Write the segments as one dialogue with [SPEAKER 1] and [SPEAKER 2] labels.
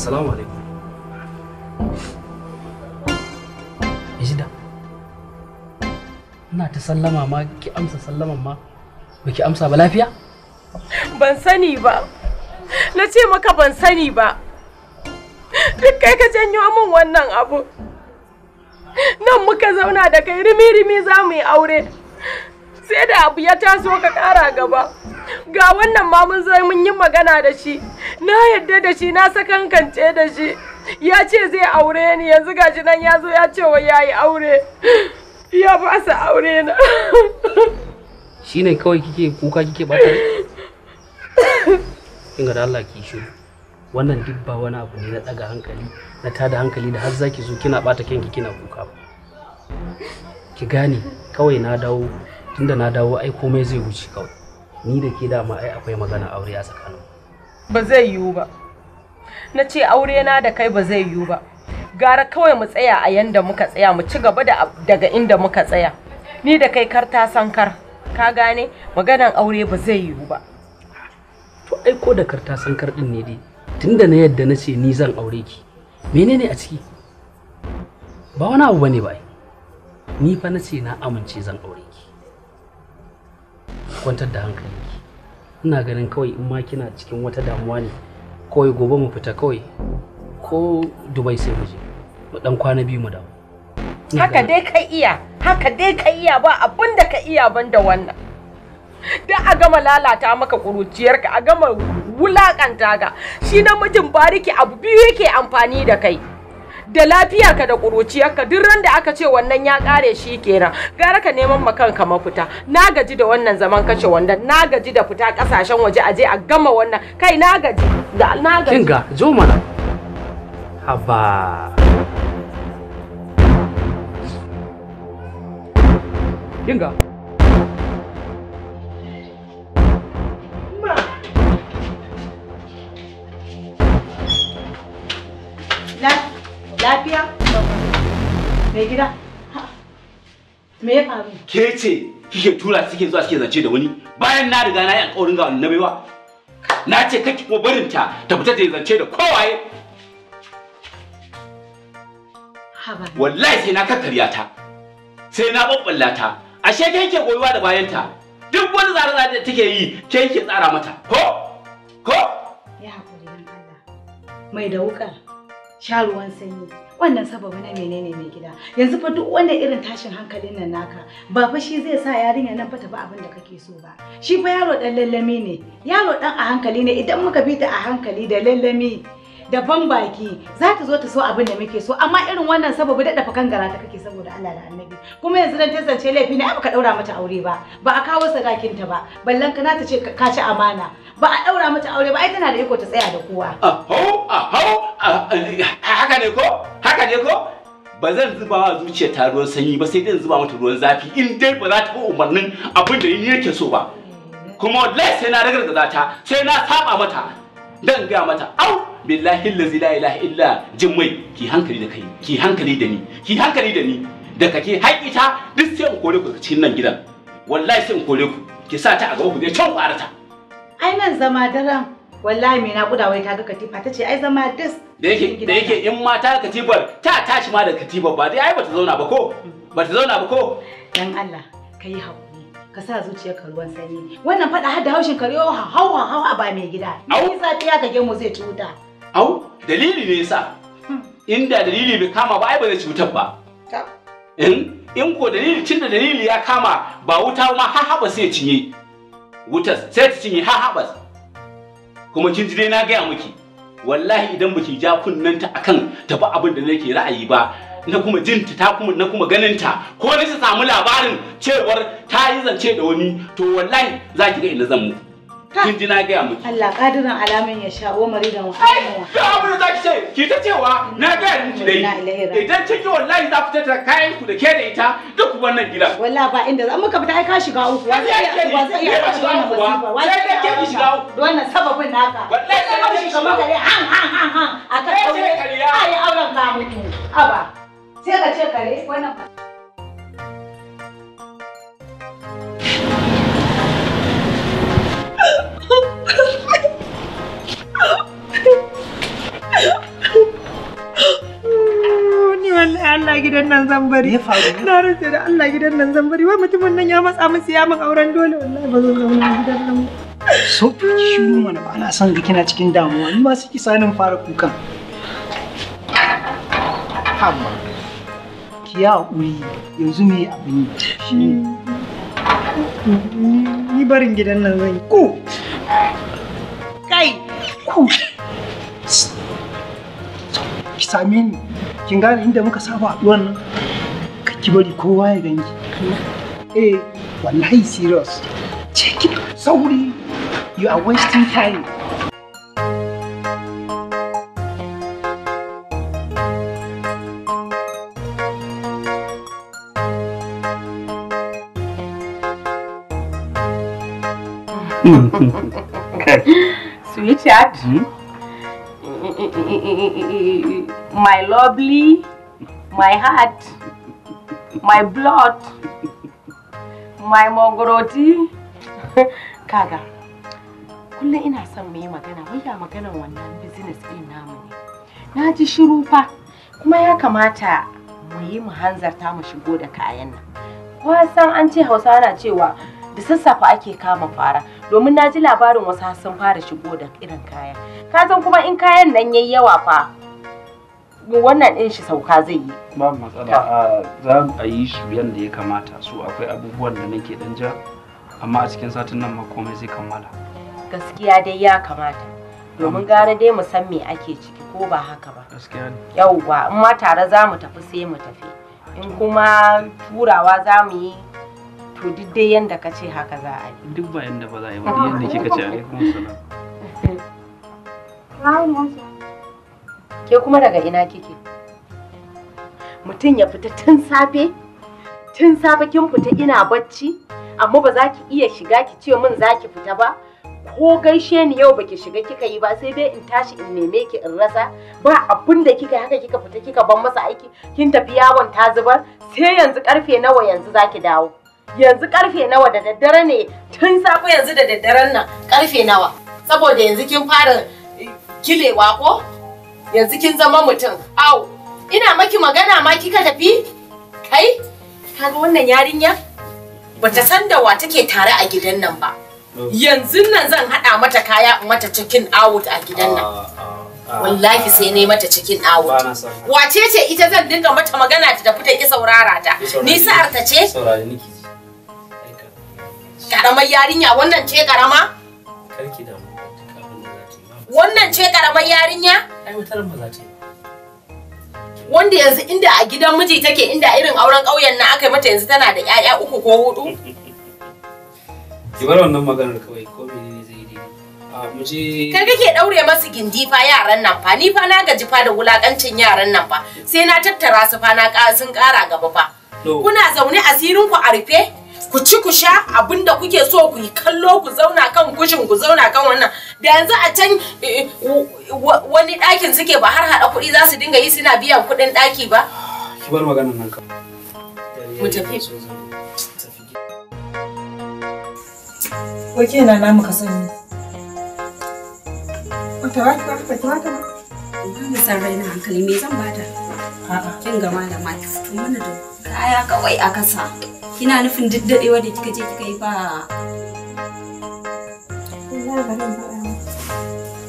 [SPEAKER 1] Assalamu alaikum. Ejida. Ina ta sallama ma ki amsa sallama ma ki amsa ba lafiya?
[SPEAKER 2] Ban sani ba. Na ce maka ban sani ba. Duk kai ka janyo min wannan abu. Nan muka zauna da kai rimi-rimi za mu yi aure. Sai da abu ya taso ka ƙara gaba. Ga wannan ma mun zo mun yi magana da shi. na yadda da shi na sakankance da shi ya ce zai aure ni yanzu gashi nan ya zo ya ce wa ya yi aure ya ba sa aure na
[SPEAKER 1] shine kawai kike kuka kike bata kinga da Allah ki shi wannan duk ba wani abu ne na daga hankali na tada hankali da har zaki zo kina bata kanki kina kuka ki gane kawai na dawo tunda na dawo ai komai zai wuce kawai ni da ke dama ai akwai magana aure a tsakaninmu
[SPEAKER 2] ba zai yiwu ba na ce aure na da kai ba zai yiwu ba gara kawai mu tsaya a yanda muka tsaya mu ci gaba daga inda muka tsaya ni da kai kar ta san kar ka gane maganan aure ba zai yiwu ba
[SPEAKER 1] to ai ko da kar ta san kar din ne dai tunda na yadda na ce ni zan aure ki menene a ciki ba wani abu bane ba ni fa na ce na amince zan aure ki kwantar da hankali. ina ganin kawai in ma kina cikin wata damuwa ne kawai gobe mu fita kawai ko dubai sai mu je mu dan kwana biyu mu dawo haka dai
[SPEAKER 2] ka iya haka dai ka iya ba abin da ka iya ban da wannan da a gama lalata maka kuruciyarka a gama wulakanta ka shi mijin bariki abu biyu yake amfani da kai da lafiyarka da ƙuruciyarka duk ran da aka ce wannan ya ƙare shi kenan gara ka neman ma kanka mafita na gaji da wannan zaman kace wannan na gaji da fita ƙasashen waje aje a gama wannan kai na gaji da na gaji kinga zo mana
[SPEAKER 1] haba kinga
[SPEAKER 3] Lafiya? Mai gida? Me ya faru?
[SPEAKER 4] Ke ce kike tura suke zuwa suke zance da wani bayan na riga na yi alƙawarin ga wannan baiwa. Na ce kake ko barin ta fita ta zance da kowaye. Wallahi sai na kakkarya ta. Sai na babballa ta. Ashe ke yake goyuwa da ta Duk wani zara zara da take yi ke yake tsara mata. Ko? Ko?
[SPEAKER 3] Ya haƙuri dan Allah. Mai da wuƙar. sha ruwan sanyi wannan sababa na menene mai gida yanzu fa duk wannan irin tashin hankalin nan naka ba fa shi zai sa yarinya nan fata ba abin da kake so ba shi fa yaro dan lallami ne yaro dan a hankali ne idan muka bi ta a hankali da lallami da ban baki za ta zo ta so abin da muke so amma irin wannan sababu da dafa kangara ta kake saboda Allah da Annabi kuma yanzu dan ta zance laifi ne baka daura mata aure ba ba a kawo sadakin ta ba ballan kana ta ce ka ci amana ba a daura mata aure ba ai tana da iko ta tsaya da kowa
[SPEAKER 4] aho aho haka ne ko haka ne ko ba zan zuba wa zuciya ta ruwan sanyi ba sai dai zuba mata ruwan zafi in dai ba za ta bi umarnin abin da ni yake so ba kuma wallahi sai na ragargaza ta sai na saba mata dan ga mata au billahi allazi la ilaha illa jimmai ki hankali da kai ki hankali da ni ki hankali da ni da kake haƙi ta duk sai in kore ku cikin nan gidan wallahi sai in kore ku ki sa ta a gaba ku dai can ku arata
[SPEAKER 3] ai nan zama daram wallahi mai naƙuda wai ta ga katifa ta ce ai zama dis
[SPEAKER 4] da yake da yake in ma ta katifar ta tashi ma da katifar ba dai ai bata zauna ba ko bata zauna ba ko
[SPEAKER 3] dan Allah kai haƙuri, ka sa
[SPEAKER 4] ka ruwan sanyi
[SPEAKER 3] wannan fada har da haushin karewa hau hau a ba mai gida ni safiya ka gemu zai ci wuta
[SPEAKER 4] au dalili ne yasa hmm. inda dalili bai kama ba ai ba zai ci wutar ba in in ko dalili tunda dalili ya kama ba wuta ma har haba sai cinye wutar sai ta cinye har habas kuma kin ji dai na gaya miki wallahi idan baki ja kunnanta akan tafi abin da nake ra'ayi ba na kuma jinta ta kuma na kuma ganinta ko na samu labarin cewar ta yi zance da wani to wallahi za ki ga ina zan muku kin ji na gaya miki
[SPEAKER 3] Allah kadirin alamin ya sha wa
[SPEAKER 4] wa ai abin da zaki ce ki ta cewa na gaya miki dai idan ciki wallahi za ku tattara kayan ku da ke da ita duk wannan gida wallahi ba inda za muka fita ai ka shiga uku wa
[SPEAKER 3] zai iya wa zai iya shiga uku sai dai ke ki shiga uku wannan sababin naka wallahi sai ka shiga maka dai han han han han ai auren ka mutu aba sai ka ce kare wannan
[SPEAKER 5] gidan nan zan bari. Na rasa da Allah gidan nan zan bari. Wai mutumin nan ya matsa min siya min auren dole wallahi ba zan zauna gidan nan. So ki shiru mana ba na san ga kina cikin damuwa ni ma saki sanin fara kukan. Amma ki ya uri yanzu me abin shi ni barin gidan nan zan yi. Ku! Kai! Ku! Ki same ni. kin gane inda muka saba haɗuwan nan ki bari kowa ya ganki eh wallahi serious check it sauri you are wasting time
[SPEAKER 2] Sweetheart, my lovely, my heart, my blood, my mogoroti. Kaga, kullum ina son mu yi magana, ya magana wannan business ɗin namu ne. Na ji shiru fa, kuma ya kamata mu yi mu hanzarta mu shigo da kayan nan. Wasan an ce Hausa na cewa da sassafe ake kama fara domin na ji labarin wasu sun fara shigo da irin kaya. Ka san kuma in kayan nan yayi yawa fa wannan ɗin shi sauka zai yi ba
[SPEAKER 1] matsala za a yi su yadda ya kamata su akwai abubuwan da nake dan ja amma a cikin satin nan ma komai zai kammala
[SPEAKER 2] gaskiya dai ya kamata domin gara dai mu san me ake ciki ko ba haka ba gaskiya ne yauwa in ma tare za mu tafi sai mu tafi in kuma turawa za mu yi to duk dai yanda ka ce haka za a
[SPEAKER 1] yi duk ba yanda ba za a yi ba yanda kika ce alaikum
[SPEAKER 2] salam Ke kuma daga ina kike? Mutum ya fita tun safe? Tun safe kin fita ina bacci? Amma ba za ki iya shiga ki ce min za ki fita ba? Ko gaishe ni yau baki shiga kika yi ba sai dai in tashi in neme ki in rasa ba abin da kika haka kika fita kika ban masa aiki kin tafi yawon ta zubar sai yanzu karfe nawa yanzu zaki dawo yanzu karfe nawa da daddare ne tun safe yanzu da daddaren nan karfe nawa saboda yanzu kin fara kilewa ko yanzu kin zama mutum au ina maki magana ma kika tafi kai kaga wannan yarinya bata san da wa take tare a gidan nan ba oh. yanzu nan zan hada mata kaya mata cikin out a gidan nan ah, ah, ah. wallahi sai ne mata cikin out wace ce ita zan dinga mata magana ta tafi ta ki saurara ta ni sa'ar ta ce karamar yarinya wannan ce karama karki da Wannan ce karamar yarinya? Wanda yanzu inda a gidan miji take inda irin auren ƙauyen na aka mata yanzu tana da 'ya'ya, uku ko hudu.
[SPEAKER 1] Ki bar wannan maganar kawai ko ne zai yi muje Kai
[SPEAKER 2] kake daure masu gindi fa yaran nan fa ni fa na gaji fa da wulakancin yaran nan fa sai na tattara su fa na sun ƙara gaba fa. Kuna zaune asirin ku a rufe? ku ci ku sha abinda kuke so ku yi kallo ku zauna kan kushin ku zauna kan wannan da yanzu a can eh, wani ɗakin suke ba har haɗa kuɗi za su dinga yi suna biyan kuɗin ɗaki ba.
[SPEAKER 1] Ki bar maganar nan ka.
[SPEAKER 3] Mu tafi. Wake na namu ka sani. Wata wata wata wata. Babu san raina hankali me zan bata? Kin ga malama
[SPEAKER 2] ki fito mana da kaya kawai a kasa. Kina nufin daddadewa da kika je kika yi ba.
[SPEAKER 3] Ina ba nan faɗa ma.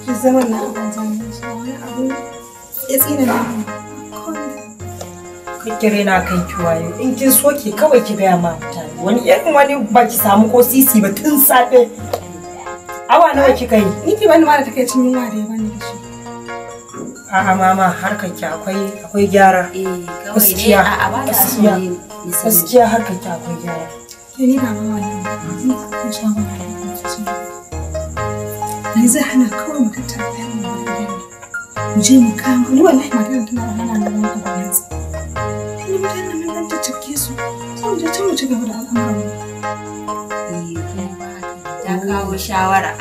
[SPEAKER 3] Ki zama na abanta ne shi wani abu ya tsina na mu.
[SPEAKER 2] Kake raina kan ki wayo in kin so ki kawai ki gaya ma mutane wani irin wani ba ki samu ko sisi ba tun safe. Awa nawa kika yi?
[SPEAKER 3] Niki bani ma da takaicin yunwa da ya bani da shi.
[SPEAKER 2] a'a mama harkar ki akwai akwai gyara eh, gaskiya ne gaskiya harkar ki akwai gyara
[SPEAKER 3] ni in sha wani ne zai hana kawai mu ta fara mu da gidan mu je mu kama ni wallahi magana tana da hana mu da bayan sa
[SPEAKER 5] ni mutanen nan nan ta cike su sai mu je can mu ci gaba da
[SPEAKER 2] al'amuran mu eh ta kawo shawara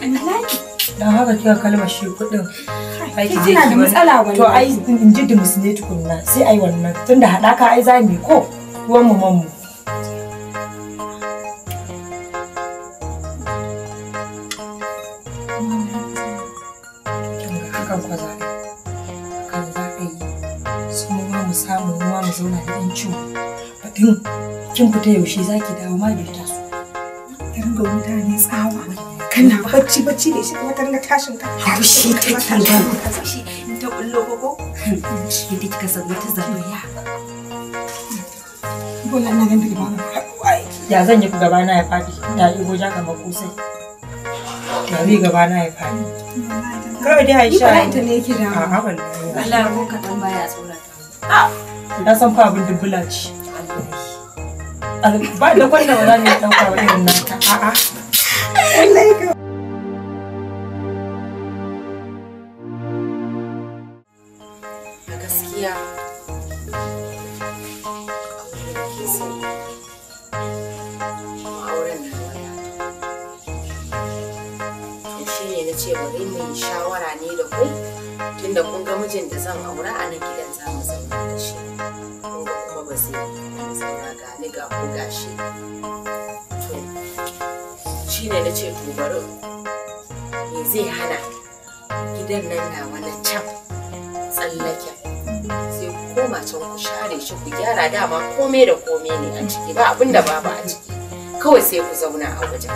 [SPEAKER 5] it.
[SPEAKER 2] dan haka kika kalmar shi
[SPEAKER 3] kudin
[SPEAKER 5] ai ki je ki matsala wani to ai
[SPEAKER 3] in ji da ne tukunna sai ai wannan tunda hadaka ai za mu ko ruwan mu mamu
[SPEAKER 5] hakan kwa mu ma ma zauna da ƴan ciwo batun kin fita yaushe zaki dawo ma bai taso
[SPEAKER 3] kana bacci bacci ne shi wata ranga tashin ka
[SPEAKER 5] haushi take ba haushi
[SPEAKER 3] in ta kullo gogo shi da kika san wata zabaya bola na ganin ba ya zan yi gaba na ya fadi ta
[SPEAKER 5] yi goja kamar kusai
[SPEAKER 3] ta yi gaba na
[SPEAKER 5] ya fadi kawai dai Aisha ba ita ne yake da a'a wallahi Allah
[SPEAKER 3] ko kadan baya tsorata ah!
[SPEAKER 5] na san fa abin dubbula ce ba da kwanda ba za mu ɗauka wa irin naka a'a Legal.
[SPEAKER 2] A gaskiya ce bari mu shawara ne da ku tunda kun ga mijin da zan aura a nan gidan za mu zama da shi kun ga kuma ba zai zauna ga ni ga ku gashi shine na ce to me zai hana gidan nan na wani can tsallake sai ku koma can ku share shi ku gyara dama komai da komai ne a ciki ba abin da babu a ciki kawai sai ku zauna a wajen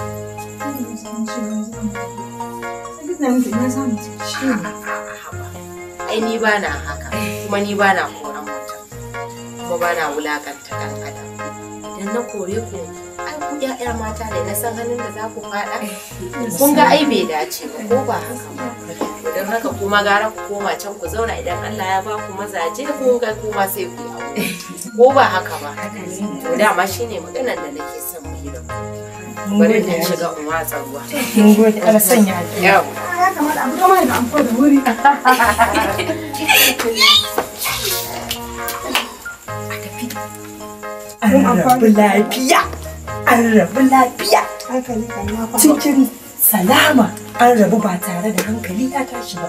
[SPEAKER 2] ai ni ba na haka kuma ni ba na koran mutum kuma ba na wulakanta ɗan adam idan na kore ku a ku mata ne na san hannun da za ku faɗa eh, kun ga ai bai dace ba ko ba haka ba don haka kuma gara ku koma can ku zauna idan Allah ya ba ku mazaje ko ga kuma sai ku yi ko ba haka ba to dama shine maganar da nake son mu yi bari shiga mun gode sanya ah, ya kamata da amfani
[SPEAKER 3] da wuri a
[SPEAKER 5] tafi lafiya
[SPEAKER 3] an rabu lafiya cikin salama an rabu ba tare da hankali ya tashi ba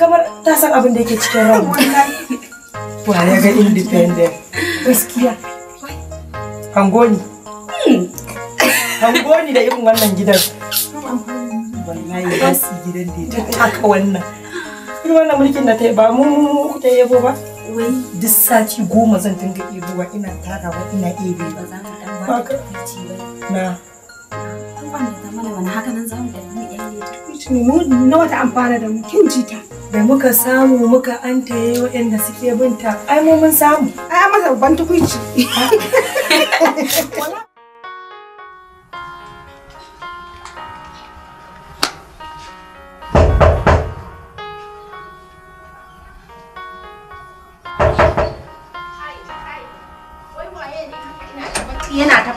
[SPEAKER 3] kamar ta san abin da yake cikin ran wa ya
[SPEAKER 5] ga independent gaskiya hangoni hmm. hangoni da irin wannan gidan wallahi ba su gidan da ya taka wannan irin wannan mulkin da ta yi ba mu kuke yabo ba wai duk
[SPEAKER 3] sati goma zan dinga ruwa ina tarawa ina ɗebe ba za ba na da na wata amfana da mu kin da muka samu muka antaye waɗanda suke binta ai mu
[SPEAKER 5] mun samu ai masa babban tukuici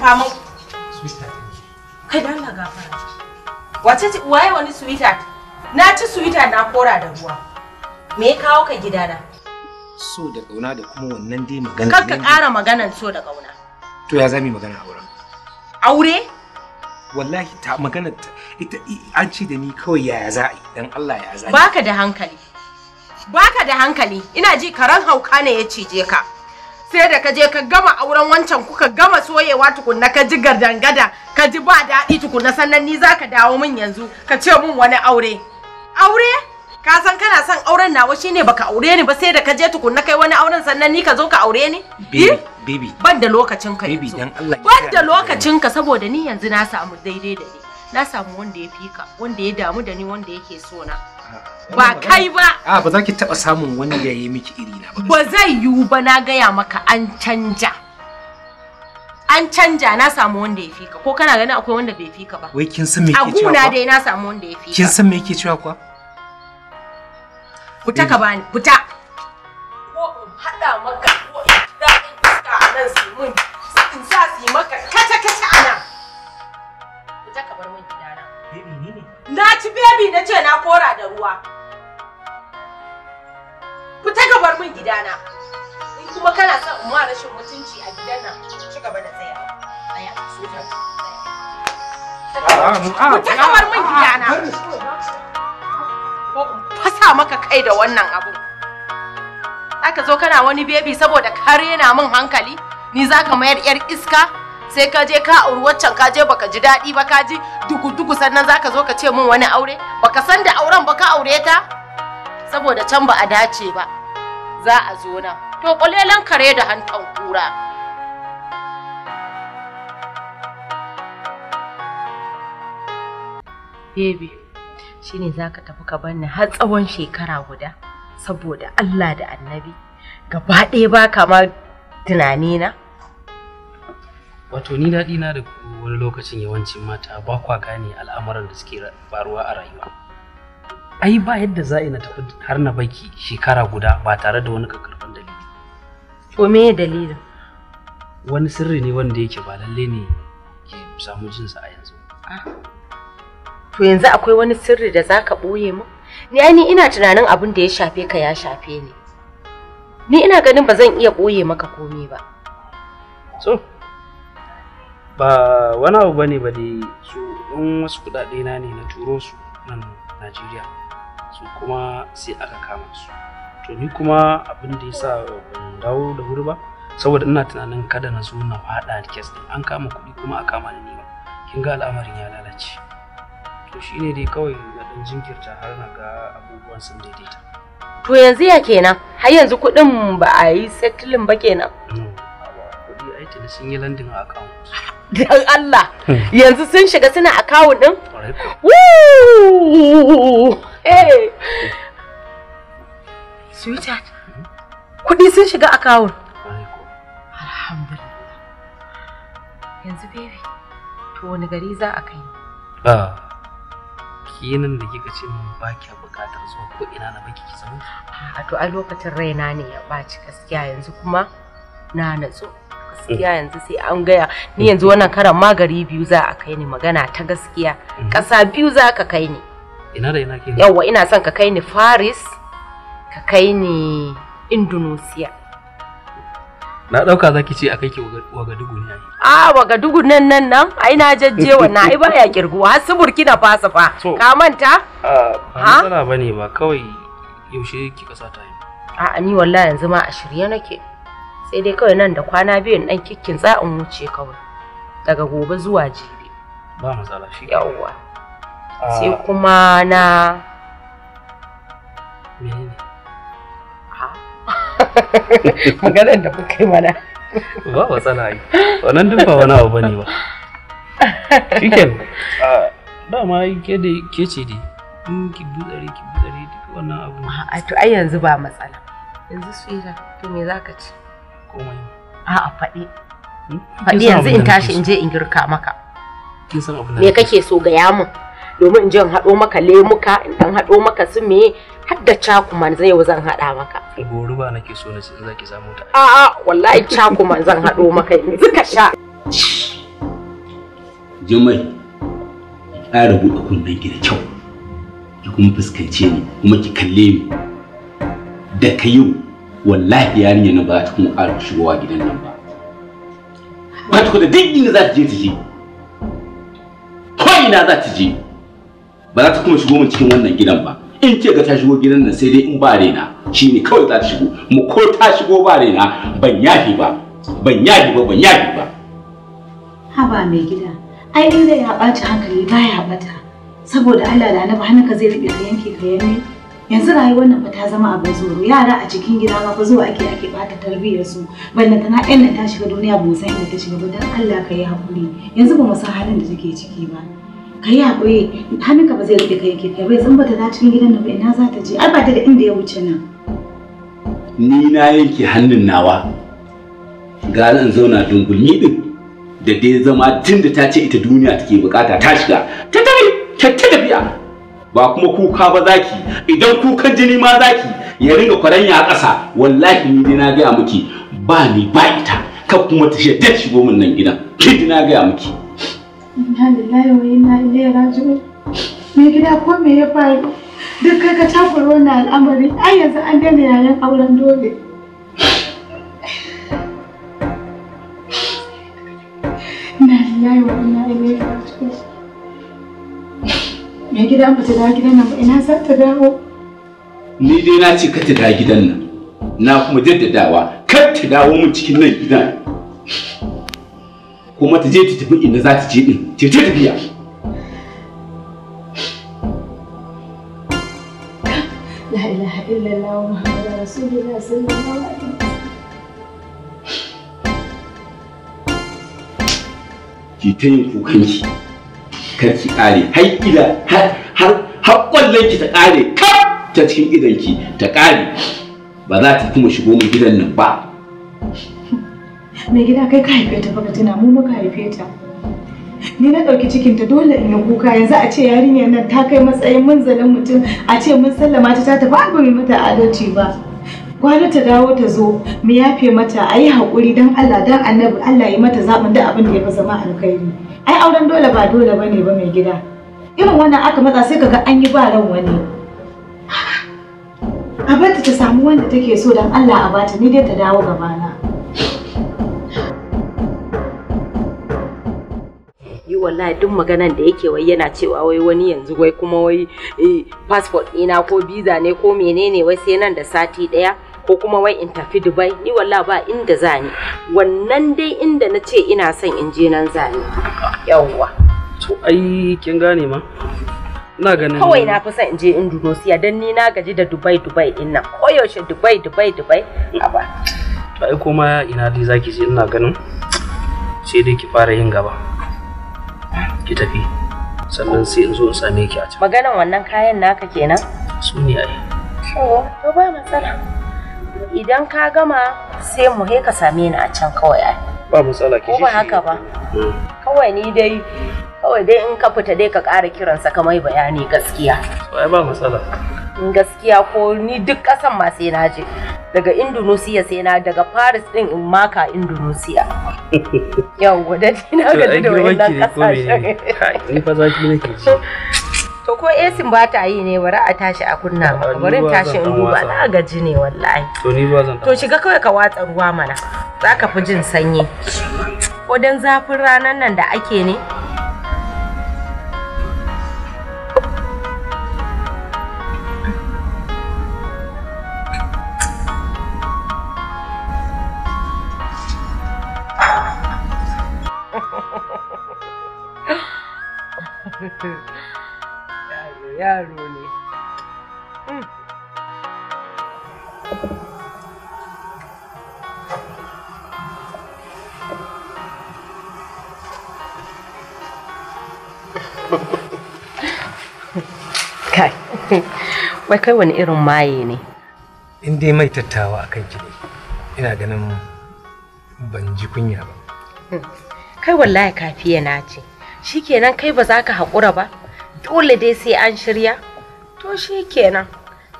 [SPEAKER 2] taimaka min kai gafara wace ce waye wani sweetheart na ci sweetheart na kora da ruwa me ya kawo ka gidana
[SPEAKER 6] so da kauna da kuma wannan dai magana kar ka ƙara
[SPEAKER 2] maganan so da kauna
[SPEAKER 6] to ya zami magana a auren aure wallahi ta magana ita an ce da ni kawai yaya za a yi dan Allah ya za
[SPEAKER 2] baka da hankali baka da hankali ina ji karan hauka ne ya cije ka sai da kaje ka gama auren wancan kuka gama soyewa tukunna ka ji gardangada ka ji ba daɗi tukunna sannan ni za dawo min yanzu ka ce min wani aure aure ka san kana son auren nawa shine baka aure ni ba sai da ka je tukunna kai wani auren sannan ni ka zo ka aure ni baby eh? ban da lokacin ka baby ban da lokacin ka saboda ni yanzu na samu daidai da ni na samu wanda ya fi ka wanda ya damu da ni wanda yake so na ah, ba kai ba
[SPEAKER 6] a ah, ba za ki taba samun wani da yayi miki iri
[SPEAKER 2] na ba zai yiwu ba na gaya maka an canja an canja na samu wanda ya fi ka ko kana ganin akwai wanda bai fi ka ba
[SPEAKER 6] wai kin san me yake cewa a
[SPEAKER 2] dai na samu wanda ya fi ka kin
[SPEAKER 6] san me yake cewa kuwa
[SPEAKER 2] futa ka bani futa ko in hada maka ko in da in fuska nan su mun in sa su maka kata kata anan. na ci bebi na ce na kora da ruwa Ku ka bar min gidana in kuma kana son in ma rashin mutunci a gidan nan ci gaba da tsaya tsaya soja Ku ka bar min gidana ko in fasa maka kai da wannan abu. Za ka zo kana wani bebi saboda ka rena min hankali ni za ka mayar yar iska sai ka je ka auri waccan ka je baka ji daɗi ba ka ji duku duku sannan zaka zo ka ce min wani aure baka san da auren ba ka aure ta saboda can ba a dace ba za a zo nan to kwalelan kare da hantan kura baby shine zaka tafi ka banni har tsawon shekara guda saboda Allah da Annabi gaba ɗaya ba ka ma tunanina
[SPEAKER 1] wato ni daɗi na da wani lokacin yawancin mata ba kwa gane al'amuran da suke faruwa a rayuwa ai ba yadda za na tafi har na baki shekara guda ba tare da wani kakarfan dalili
[SPEAKER 2] to me dalilin
[SPEAKER 1] wani sirri ne wanda yake ba lalle ne ke samu jinsa a yanzu
[SPEAKER 2] ah. to yanzu akwai wani sirri da za ka ɓoye mu ni ni ina tunanin abin da ya shafe ka ya shafe ni ni ina ganin ba zan iya ɓoye maka komai ba
[SPEAKER 1] so ba wani abu bane ba dai su in wasu kuɗaɗe na ne na turo su nan Najeriya su kuma sai aka kama su to ni kuma abin da yasa ban dawo da wuri ba saboda ina tunanin kada na zo na faɗa kes din an kama kuɗi kuma a kama ni ba kin ga al'amarin ya lalace to shine dai kawai na dan jinkirta har na ga abubuwan sun daidaita
[SPEAKER 2] to yanzu ya kenan har yanzu kuɗin ba a yi settling ba kenan
[SPEAKER 1] kuɗi da sun yi landing account
[SPEAKER 2] dan Allah yanzu sun shiga suna a kawo din eh sweetheart kudi sun shiga a kawo alhamdulillah yanzu baby to wani gari za a kai
[SPEAKER 1] a ah, kinan da kika ce min ba kya
[SPEAKER 2] bukatar zuwa ko ina
[SPEAKER 1] na baki ki zama
[SPEAKER 2] a to a lokacin raina ne ya ɓaci gaskiya yanzu kuma na natsu gaskiya yanzu sai an gaya ni yanzu wannan karan magari biyu za a kai ni magana ta gaskiya mhm. ƙasa biyu za ka kai ni
[SPEAKER 1] ina da ina ke yawa ina
[SPEAKER 2] son ka kai ni Paris ka kai ni Indonesia
[SPEAKER 1] na dauka zaki ce akai ki Wagadugu ne
[SPEAKER 2] a Wagadugu nan nan nan ai na jajje wannan ai baya kirguwa har su Burkina Faso fa ka manta a ba matsala
[SPEAKER 1] bane ba kawai yaushe kika sata yi
[SPEAKER 2] a ni wallahi yanzu ma a shirye nake sai dai kawai nan da kwana biyun ɗan kikkin tsa'in wuce kawai daga gobe zuwa jibi
[SPEAKER 1] ba matsala shi yawwa sai
[SPEAKER 2] kuma na menene maganar da kuka yi mana
[SPEAKER 1] ba matsala yi wannan duk ba wani abu bane ba shiken dama ke da ke ce dai in ki butsare ki
[SPEAKER 2] butsare duk wannan abu a to ai yanzu ba matsala yanzu su yi to me zaka ci komai a'a faɗi hmm? faɗi yanzu in tashi in je in girka maka me kake so ga yamu domin in je in haɗo maka lemuka in dan haɗo maka su me har da cakuman zai yau zan haɗa maka
[SPEAKER 1] gori ba nake so na in zaki samu ta
[SPEAKER 2] a'a wallahi cakuman zan haɗo maka yanzu ka sha
[SPEAKER 4] jimai ƙara buɗe kunnen gida kyau ki kuma fuskance ni kuma ki kalle ni da ka yau wallahi yarinya nan ba za ta kuma ƙara shigowa gidan nan ba ba ta da duk inda za ta je ta je ko ina za ta je ba za ta kuma shigo min cikin wannan gidan ba in ce ga ta shigo gidan nan sai dai in ba raina ne kawai za ta shigo mu ko ta shigo ba raina ban yafi ba ban yafi ba ban yafi ba
[SPEAKER 3] haba mai gida ai inda ya ɓaci hankali ba ya ɓata saboda Allah da Annabi hannunka zai riƙe ka yanke ka yanke yanzu rayuwar wannan fa ta zama abin tsoro yara a cikin gida ma fa zuwa ake ake bata tarbiyyar su balle tana ɗan nan ta shiga duniya ba mu san inda ta shiga ba dan Allah ka yi hakuri yanzu ba mu san halin da take ciki ba ka yi hakuri ka ba zai rike kai ke kai bai zan bata ta cikin gidan nan ba ina za ta je ai ba ta da inda ya wuce nan
[SPEAKER 4] ni na yanke hannun nawa ga in zauna dungulmi din da dai zama tunda ta ce ita duniya take bukata ta shiga ta tafi ta tafiya ba kuma kuka ba zaki idan kukan jini ma zaki ya ringa kwaranya a ƙasa wallahi ni dai na gaya miki ba ni ba ita ka kuma ta she ta shigo min nan gidan ki dai na gaya miki
[SPEAKER 3] inna lillahi wa inna ilaihi raji'un me gida ko me ya faru duk kai ka tabar wannan al'amari ai yanzu an daina yayan auren dole inna lillahi wa inna ilaihi raji'un Mai gida an fita dawo gidan nan ba ina za ta dawo?
[SPEAKER 4] Ni dai na ce ka ta dawo gidan nan. Na kuma jaddadawa kar ta dawo mun cikin nan gidan. Kuma ta je ta tafi inda za ta je din. Ce ta tafiya.
[SPEAKER 3] La ilaha illallah Muhammadu Rasulullah sallallahu alaihi wasallam.
[SPEAKER 4] Ki ta yin kukanki. karki kare har ila har har kwallon ki ta kare kaf ta cikin idan ki ta kare ba za ta kuma shigo mu gidan nan ba
[SPEAKER 3] mai gida kai ka haife ta baka tana mu muka haife ta ni na ɗauki ta dole in yi kuka yanzu a ce yarinyar nan ta kai matsayin munzalin mutum a ce mun sallama ta tafi an ba mai mata adalci ba kwana ta dawo ta zo mu yafe mata a yi haƙuri don allah don annabi allah ya mata zaɓin da abin da ya fi zama alkhairi ai auren dole ba dole ba ne ba mai gida irin wannan aka matsa sai kaga an yi ba ran wani a bata ta samu wanda take so don Allah a bata ni dai ta dawo na
[SPEAKER 2] yi wallahi duk maganan da yake wai yana cewa wai wani yanzu wai kuma wai eh, passport ɗina ko visa ne ko menene wai sai nan da sati ɗaya ko kuma wai in tafi dubai ni walla ba inda zani wannan dai inda na ce ina son in je nan zani yawwa to ai kin gane ma na ganin kawai na fi son in je indonesia don ni na gaji da dubai dubai din nan koyaushe dubai dubai dubai aba to ai
[SPEAKER 1] kuma ina dai zaki je ina ganin sai dai ki fara yin gaba ki tafi sannan sai in zo in same ki a
[SPEAKER 2] can maganan wannan kayan naka kenan su ne ai to ba matsala idan ka gama sai mu he ka same ni a can kawai ai
[SPEAKER 1] ba matsala ki shi ba haka ba mm.
[SPEAKER 2] kawai ni dai kawai dai in ka fita dai ka ƙara sa ka mai bayani gaskiya
[SPEAKER 1] ai ba matsala
[SPEAKER 2] gaskiya ko ni duk ƙasan ma sai na je daga indonesia sai na daga paris din in maka indonesia yawwa da na gaji da wannan kai
[SPEAKER 1] ni fa zaki nake ci
[SPEAKER 2] to ko esin ba ta yi ne bari a tashi a kunna bari tashi in duba na gaji ne wallahi to ni ba zan to shiga kawai ka watsa ruwa mana za ka fi jin sanyi ko dan zafin ranar nan da ake ne
[SPEAKER 5] Thank you. yaro ne mm.
[SPEAKER 2] kai wai kai wani irin maye ne
[SPEAKER 6] in dai mai tattawa a
[SPEAKER 2] kanki ne ina ganin
[SPEAKER 6] ban ji kunya ba
[SPEAKER 2] mm. kai wallahi kafiya na ce shikenan kai ba za ka haƙura ba dole dai sai an shirya to shi kenan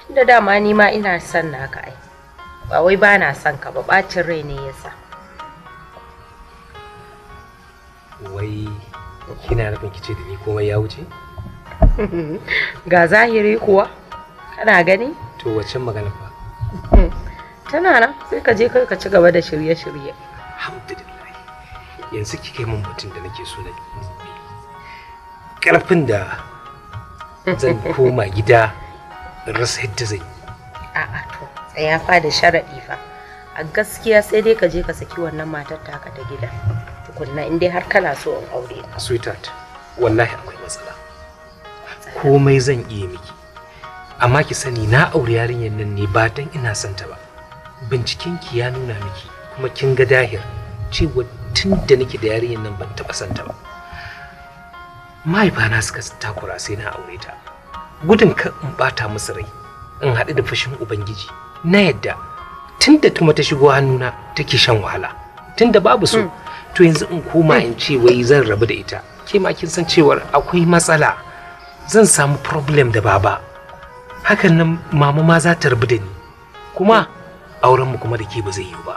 [SPEAKER 2] tunda dama ni ma ina son naka ai ba wai ba na son ka ba bacin rai ne yasa
[SPEAKER 6] wai kina nufin kice da ni komai ya wuce
[SPEAKER 2] ga zahiri kuwa kana gani
[SPEAKER 6] to wacce magana fa
[SPEAKER 2] tana nan sai ka je kai ka ci gaba da shirye-shirye alhamdulillah
[SPEAKER 6] yanzu kike mun mutum da nake so na ƙarfin da zan koma gida in rasa yadda zai
[SPEAKER 2] a'a to tsaya fa da sharaɗi fa a gaskiya sai dai ka je ka saki wannan matar taka ta gida tukunna in dai har kana so in aure
[SPEAKER 6] sweetheart wallahi akwai matsala komai zan iya miki amma ki sani na aure yarinyar nan ne ba dan ina son ta ba binciken ki ya nuna miki kuma kin ga dahir cewa tun da nake da yarinyar nan ban taɓa son ta ba mahaifana suka takura sai na aure ta gudun ka in bata musu rai in haɗu da fushin ubangiji na yadda tunda kuma ta shigo hannuna take shan wahala tunda babu su hmm. to yanzu in koma in ce wai zan rabu da ita ke ma kin san cewar akwai matsala zan samu problem da baba hakan nan mama ma za ta rabu da ni kuma auren mu kuma da ke ba zai yi ba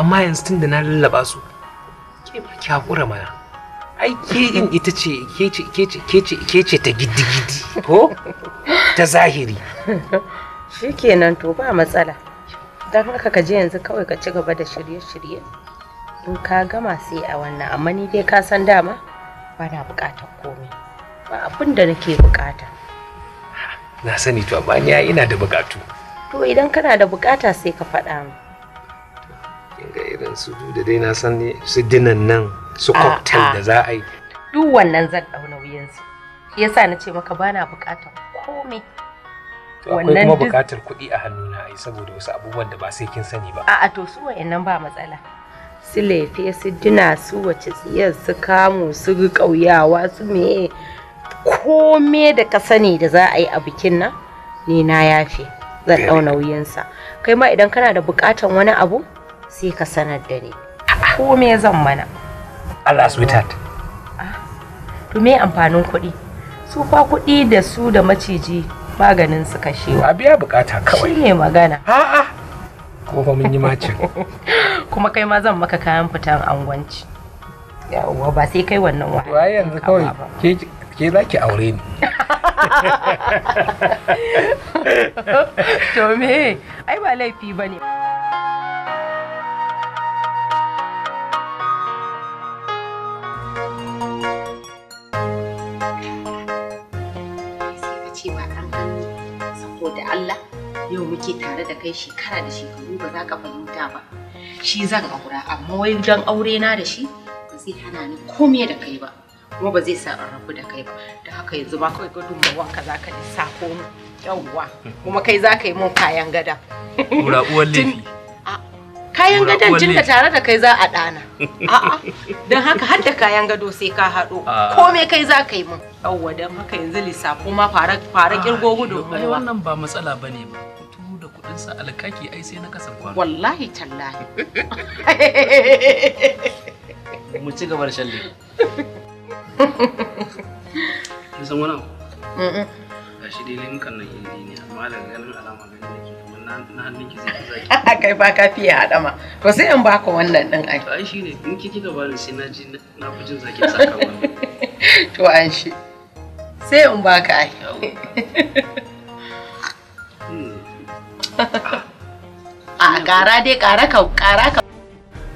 [SPEAKER 6] amma yanzu tunda na lallaba su ke ba ki haƙura mana ai ke in ita ce ke ce ke ce ke ce ke ce ta gidi-gidi ko ta zahiri
[SPEAKER 2] shikenan to ba matsala don haka ka je yanzu kawai ka ci gaba da shirye-shirye in ka gama sai a wannan amma ni dai ka san dama ba na bukatar komai ba abin da nake bukata
[SPEAKER 6] na sani to amma ni ina da bukatu
[SPEAKER 2] to idan kana da bukata sai ka faɗa mu
[SPEAKER 6] ga irin su da dai na san ne su dinan nan su cocktail da za a yi
[SPEAKER 2] duk wannan zan dau nauyin su shi yasa na ce maka bana bukatar komai akwai
[SPEAKER 6] kuma bukatar kuɗi a hannuna ai saboda wasu abubuwan da ba sai kin sani ba
[SPEAKER 2] a'a to su wayannan ba matsala su lefe su dina su wace tsiyar su kamu su ƙauyawa su me. kome da ka sani da za a yi a bikin nan ni na yafe zan ɗau nauyinsa kai ma idan kana da buƙatar wani abu sai ka sanar da ni ko me zan mana Allah sweetheart ah. to me amfanin kuɗi su fa kuɗi da su da maciji maganin su kashewa a biya bukata kawai shine magana a'a
[SPEAKER 6] ko fa mun yi macin
[SPEAKER 2] kuma kai ma zan maka kayan fitan angwanci yawwa ba sai kai wannan wa wa
[SPEAKER 6] yanzu kawai ke ke zaki aure ni
[SPEAKER 2] to me ai ba laifi bane Allah yau muke tare da kai shekara da shekaru ba za ka fahimta ba shi zan aura amma wai dan aure na da shi ba zai hana ni komai da kai ba kuma ba zai sa in rabu da kai ba da haka yanzu ba kawai gudunmawa ka za ka lissa mu yawwa kuma kai za ka yi mun kayan gada.
[SPEAKER 1] Ura uwar laifi.
[SPEAKER 2] kayan gadon tun tare da kai za a ɗana. A'a, don haka har da kayan gado sai ka haɗo, ah. komai kai za ka yi mun. Yawwa dan haka yanzu lissafo ma fara ah, kirgo gudu. Ai wannan
[SPEAKER 1] ba matsala ba ne ba. da sa alkaki ai sai na kasa
[SPEAKER 2] kwana. Wallahi tallahi.
[SPEAKER 1] Mu ci gaba da shalle. Kin san wani ga shi dai linkan nan yin ne amma da ganin alama ne da na
[SPEAKER 2] kai ba ka fiye haɗama to sai in baka wannan ɗin ai
[SPEAKER 1] to shi ne in kiki kika bani sai na ji na fi jin zaki saka
[SPEAKER 2] to an shi sai in baka ai a kara hmm. ah, dai kara ka kara ka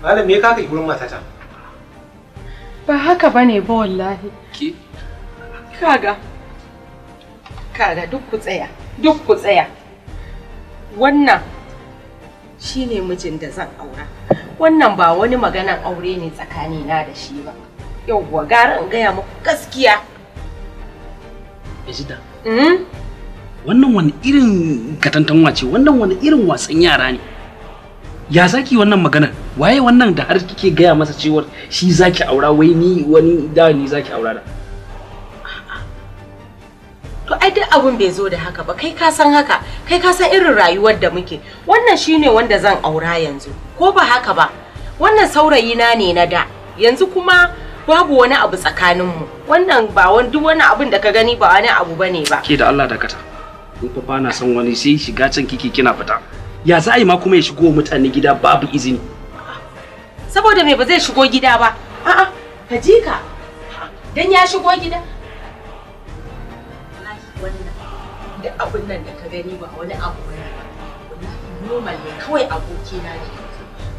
[SPEAKER 6] malam me ka kai gurin matata
[SPEAKER 2] ba haka bane ba wallahi ki kaga kaga duk ku tsaya duk ku tsaya wannan shi ne mijin da zan aura wannan ba wani maganan aure ne tsakanina da shi ba yauwa gara in gaya muku gaskiya Ejida. Hmm?
[SPEAKER 1] Wannan wani irin katantanwa ce, wannan wani irin wasan yara ne. Ya zaki wannan maganar? Waye wannan da har kike gaya masa cewar shi zaki aura wai ni wani da ni zaki
[SPEAKER 2] aura da. to ai duk abun bai zo da haka ba kai ka san haka kai ka san irin rayuwar da muke wannan shine wanda zan aura yanzu ko ba haka ba wannan saurayi na ne na da yanzu kuma babu wani abu tsakaninmu wannan ba wani duk wani abun da ka gani ba wani abu bane ba
[SPEAKER 1] ke da Allah dakata ni fa ba na san wani sai shiga can kiki kina fita ya za ma kuma ya shigo mutane gida babu izini
[SPEAKER 2] saboda me ba zai shigo gida ba a'a ka ji ka dan ya shigo gida wannan duk abin nan da ka gani ba wani abu ne wani normal ne kawai aboki na ne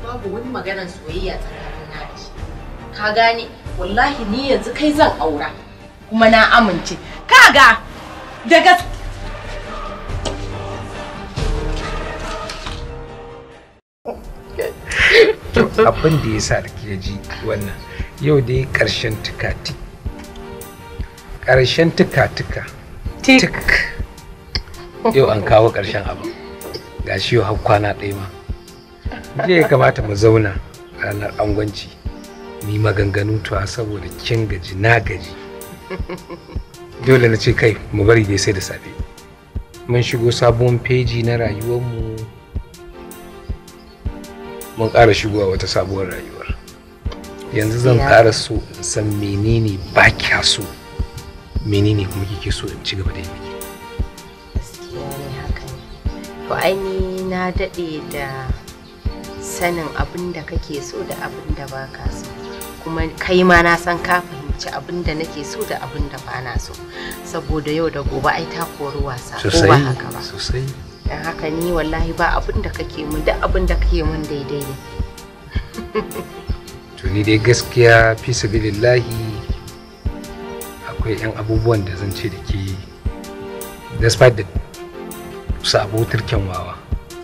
[SPEAKER 2] babu wani maganar soyayya tsakanin na da shi ka gane wallahi ni yanzu kai zan aura kuma na amince kaga da gaske
[SPEAKER 6] abin da ya sa ya ji wannan yau dai karshen tukati karshen tuka-tuka tik yau an kawo ƙarshen abu. ga shi yau kwana ɗaya ma je ya kamata mu zauna ranar angwanci ni maganganu tuwa saboda kin gaji na gaji dole na ce kai mu bari dai sai da safe mun shigo sabon feji na rayuwar mu mun ƙara shigowa wata sabuwar rayuwar yanzu zan ƙara so in san menene ba kya so menene kuma kike so in ci gaba da yi
[SPEAKER 2] haka ne to aini na daɗe da sanin abin da kake so da abin da ba ka so kuma kai ma na san ka fahimci abin da nake so da abin da ba na so saboda yau da gobe ai ta kori wasa ko ba haka ba sosai dan haka ni wallahi ba abin da kake mun da abin da kake mun daidai ne
[SPEAKER 6] to ni dai gaskiya fi sabilillahi akwai 'yan abubuwan da zan ce da ke despite da sabo turken wawa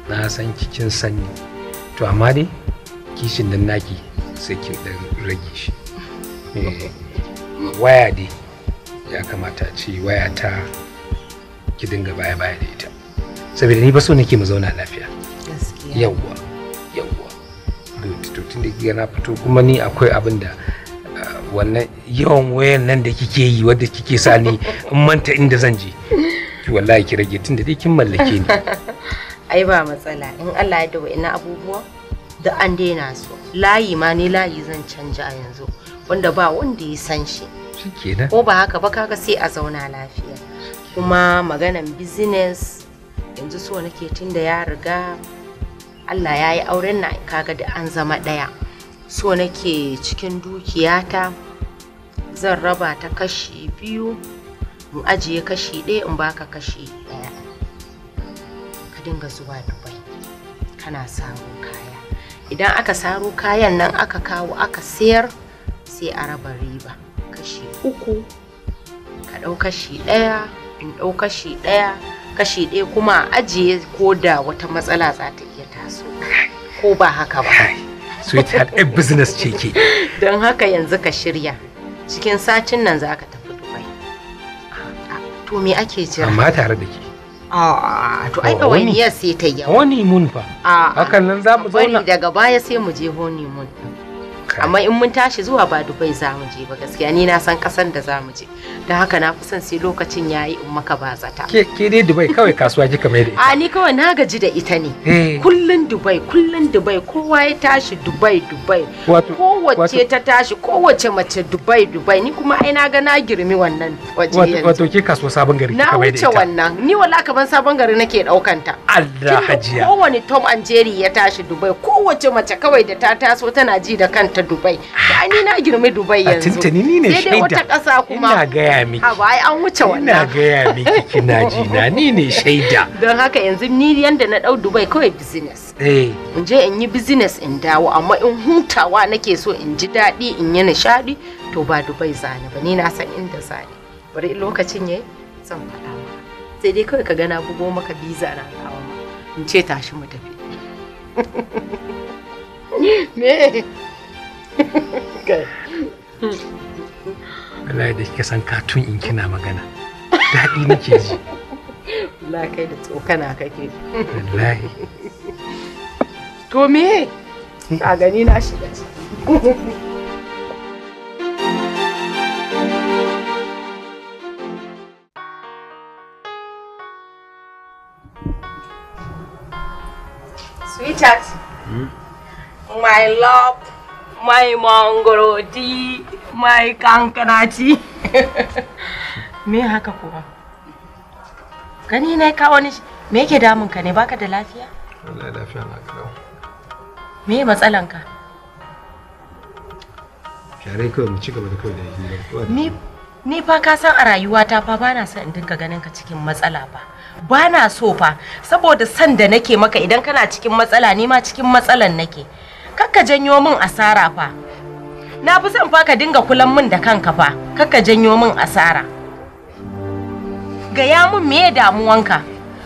[SPEAKER 6] na san kikin sanyi to amma dai kishin nan naki sai ki dan rage shi eh, waya dai ya kamata ce waya ta ki dinga baya baya da ita saboda ni ba so nake mu zauna lafiya yawwa yawwa to tun da na fito kuma ni akwai abin da wannan yawan wayan nan da kike yi wadda kike sani in manta inda zan je wallahi ki rage tunda dai kin mallake ni
[SPEAKER 2] ai ba matsala in Allah ya dawo ina abubuwa da an daina su layi ma ne layi zan canja yanzu wanda ba wanda ya san shi
[SPEAKER 5] shikenan ko
[SPEAKER 2] ba haka ba kaga sai a zauna lafiya kuma maganan business yanzu so nake tunda ya riga Allah ya yi auren na kaga da an zama ɗaya. so nake cikin dukiyata zan raba ta kashi biyu in ajiye kashi ɗaya in baka kashi ɗaya ka dinga zuwa dubai kana saro kaya idan aka saro kayan nan aka kawo aka sayar sai a raba riba kashi uku ka ɗau kashi ɗaya in ɗau kashi ɗaya kashi ɗaya kuma ajiye ko da wata matsala za ta iya taso ko ba haka ba
[SPEAKER 6] sweetheart a eh, business ce ke
[SPEAKER 2] don haka yanzu ka shirya cikin satin nan za ka tafi dubai to me ake jira amma tare da ke ah, to ai oh, wani sai ta yawa
[SPEAKER 6] honeymoon fa
[SPEAKER 2] ah, hakan nan za mu zauna daga baya sai mu je honeymoon amma in mun tashi zuwa ba dubai za mu je ba gaskiya ni na san kasan da za mu je don haka na fusan sai lokacin yayi in maka ba zata ke
[SPEAKER 6] ke dai dubai kawai kasuwa ji kamar da ita
[SPEAKER 2] a ni kawai na gaji da ita ne eh. kullun dubai kullun dubai kowa ya tashi dubai dubai kowace ta tashi kowace mace dubai dubai ni kuma ai na ga na girmi wannan waje wato
[SPEAKER 6] ke kasuwa sabon gari kika mai da ita na wuce
[SPEAKER 2] wannan ni wallahi kaman sabon gari nake daukan ta Allah hajiya kowane Tom and Jerry ya tashi dubai kowace mace kawai da ta taso tana ji da kanta Dubai. ai ni na girme Dubai yanzu. Tuntuni ni ne shaida. Sai dai wata ƙasa
[SPEAKER 6] kuma. Ina gaya miki. Ha
[SPEAKER 2] bai an wuce wannan.
[SPEAKER 6] Ina gaya miki kina ji na ni ne shaida.
[SPEAKER 2] Don haka yanzu ni yanda na dau Dubai kawai business. Eh. In je in yi business in dawo amma in hutawa nake so in ji daɗi in yi nishaɗi to ba Dubai zani ba ni na san inda zani. Bari lokacin yayi zan faɗa maka. Sai dai kawai ka gana bugo maka visa na kawo in ce tashi mu tafi. Me?
[SPEAKER 6] Allah da kika san katun in kina magana. Daɗi nake
[SPEAKER 2] ji. Wallahi kai da tsokana kake. Wallahi. To me?
[SPEAKER 5] A gani na shiga.
[SPEAKER 2] Sweetheart, hmm? my love. mai mangoro di mai kankanaci. me haka kuwa gani na ka wani me yake damun ka ne baka da lafiya
[SPEAKER 4] wallahi lafiya na ka
[SPEAKER 2] me matsalan ka
[SPEAKER 6] kare kawai mu ci gaba da kawai da ni
[SPEAKER 2] ni fa ka san a rayuwata fa bana son in dinka ganin ka cikin matsala ba bana so fa saboda san da nake maka idan kana cikin matsala ni ma cikin matsalan nake kakka janyo min asara fa na fi son fa ka dinga kulan min da kanka fa kakka janyo min asara gaya min me damuwanka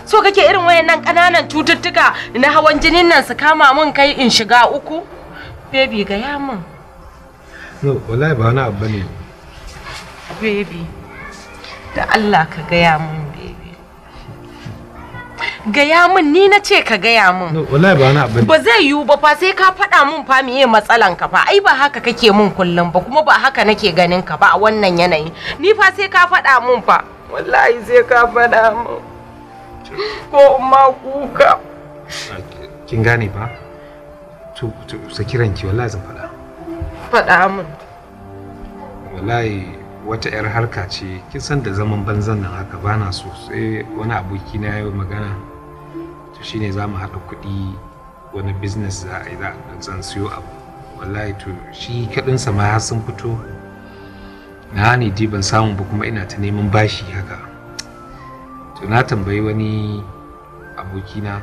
[SPEAKER 2] so kake irin wayannan ƙananan cututtuka na hawan jinin nan su kama min kai in shiga uku baby gaya min
[SPEAKER 6] no wallahi ba wani abu ne
[SPEAKER 2] baby da Allah ka gaya min gaya min ni na ce ka gaya min
[SPEAKER 6] wallahi ba wani abin ba
[SPEAKER 2] zai yiwu ba fa sai ka faɗa min fa meye matsalan ka fa ai ba haka kake min kullum ba kuma ba haka nake ganin ka ba a wannan yanayi ni fa sai ka faɗa min fa wallahi sai ka faɗa min ko ma kuka
[SPEAKER 6] kin gane ba to ki wallahi zan faɗa faɗa min wallahi wata 'yar harka ce kin san da zaman banzan nan haka bana so sai wani aboki na yayi magana to shine za mu haɗa kuɗi wani business za a yi za a zan siyo abu wallahi to shi kaɗinsa ma har sun fito na ne ji ban samu ba kuma ina ta neman bashi haka to na tambayi wani abokina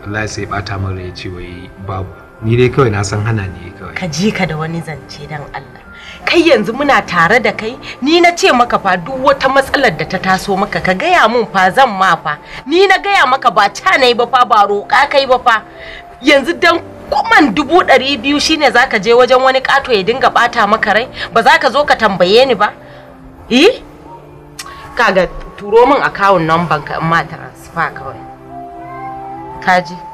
[SPEAKER 6] wallahi sai bata mara ya ce wai babu ni dai kawai na san hana ne
[SPEAKER 2] kawai ka ji ka da wani zance dan Allah kai yanzu muna tare da kai ni na ce maka fa duk wata matsalar da ta taso maka ka gaya mun fa zan ma fa ni na gaya maka ba ta nayi ba fa ba roƙa kai ba fa yanzu dan kuman dubu ɗari biyu shine zaka je wajen wani ƙato ya dinga ɓata maka rai ba za ka zo ka tambaye ni ba eh kaga turo min akawun number ka in ma transfer kawai kaji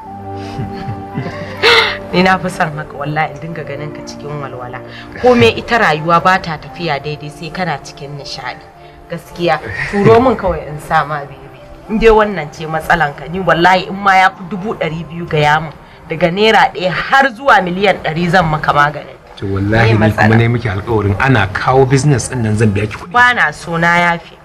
[SPEAKER 2] ni na fi son haka wallahi in dinga ganin ka cikin walwala komai ita rayuwa ba ta tafiya daidai sai kana cikin nishadi gaskiya turo min kawai in sa ma bebe in dai wannan ce matsalan ka ni wallahi in ma ya fi dubu ɗari biyu ga yamu daga naira ɗaya har zuwa miliyan ɗari zan maka maganin
[SPEAKER 6] to wallahi ni kuma ne miki alƙawarin ana kawo business ɗin nan zan biya ki kuɗi
[SPEAKER 2] ba na so na yafi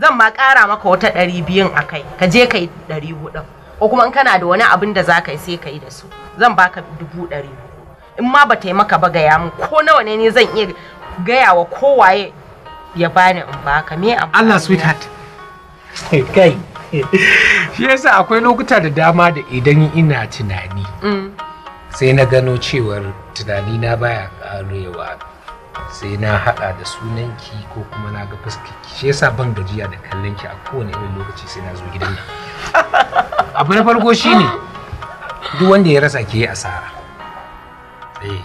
[SPEAKER 2] zan ma ƙara maka wata ɗari biyun a kai ka je ka yi ɗari huɗun ko kuma in kana da wani abin da za ka yi sai ka yi da su zan baka dubu ɗari in ma ba taimaka ba gaya min ko nawa ne ne zan iya gaya wa kowaye ya bani in baka me
[SPEAKER 6] Allah sweetheart kai shi yasa akwai lokuta da dama da idan ina tunani mm. sai na gano cewar tunani na baya karewa sai na haɗa da sunanki ko kuma na ga fuskarki shi yasa ban gajiya da kallon ki a kowane irin lokaci sai na zo gidan nan abu na farko shine duk wanda ya rasa ke asara eh.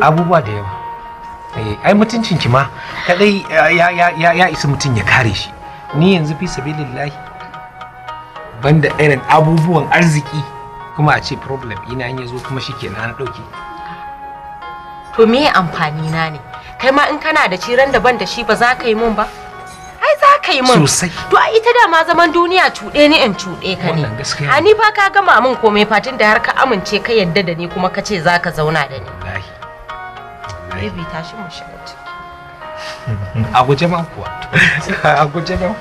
[SPEAKER 6] abubuwa da yawa eh, ai mutuncin ki ma kadai ya isa mutum ya kare shi ni yanzu fi sabilillahi banda irin abubuwan arziki kuma a ce problem ina ya zo kuma shikenan na dauke
[SPEAKER 2] to me amfani na ne kai ma in kana da ciran daban da shi ba za ka yi mun ba ai za ka yi min sosai to ai ita dama zaman duniya cuɗe ni in cuɗe ka ne a ni fa ka gama min komai fatin da har ka amince ka yadda da ni kuma ka ce za ka zauna da ni baby tashi mu shiga
[SPEAKER 6] a guje man kuwa a guje man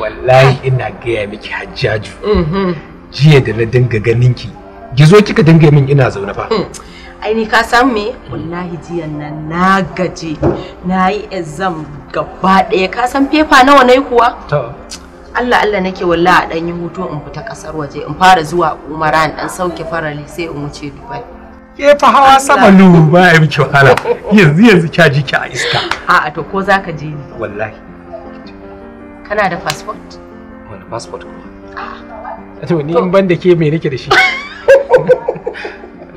[SPEAKER 6] wallahi ina gaya miki hajjaju mm-hmm. jiya da na dinga ganinki gizo kika dinga min ina zaune fa mm.
[SPEAKER 2] aini ka san me wallahi jiyan nan na gaje na yi exam gaba ɗaya ka san fefa nawa nayi kuwa Allah Allah nake wallahi a yi hutu in fita ƙasar waje in fara zuwa umara in ɗan sauke farali sai in wuce Dubai ke
[SPEAKER 6] fa hawa sama lu ba ya miki wahala yanzu yanzu ka ji ki a iska
[SPEAKER 2] a'a to ko zaka je ni wallahi kana da passport
[SPEAKER 6] wani passport ko a ah. to ni in ban da ke me nake da shi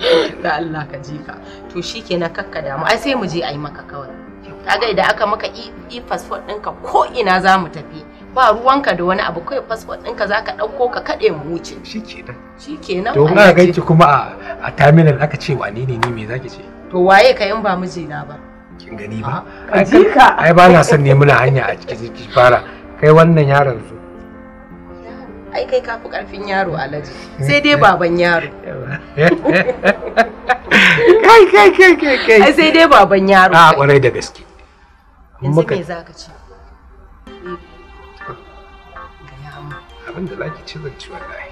[SPEAKER 2] Da Allah ka ji ka to shikenan kakka damu ai sai mu je a yi maka kawai kaga idan aka maka e, e passport ɗinka ko ina za mu tafi ba ruwanka da wani abu kawai passport ɗinka za ka ɗauko ka kaɗe mu wuce shikenan shikenan to na
[SPEAKER 6] ganki kuma a terminal aka ce wane ne ni me zaki ce
[SPEAKER 2] to waye ka in ba mijina ba
[SPEAKER 6] kin gani ba
[SPEAKER 2] Ka ai ba na
[SPEAKER 6] son ne muna hanya a cikin fara kai wannan yaron su
[SPEAKER 2] ai kai kafi karfin yaro alaji eh. sai dai baban yaro kai kai kai kai kai ai sai dai baban yaro a kwarai da gaske yanzu me
[SPEAKER 6] zaka ci abin da zaki ci
[SPEAKER 2] zan ci wallahi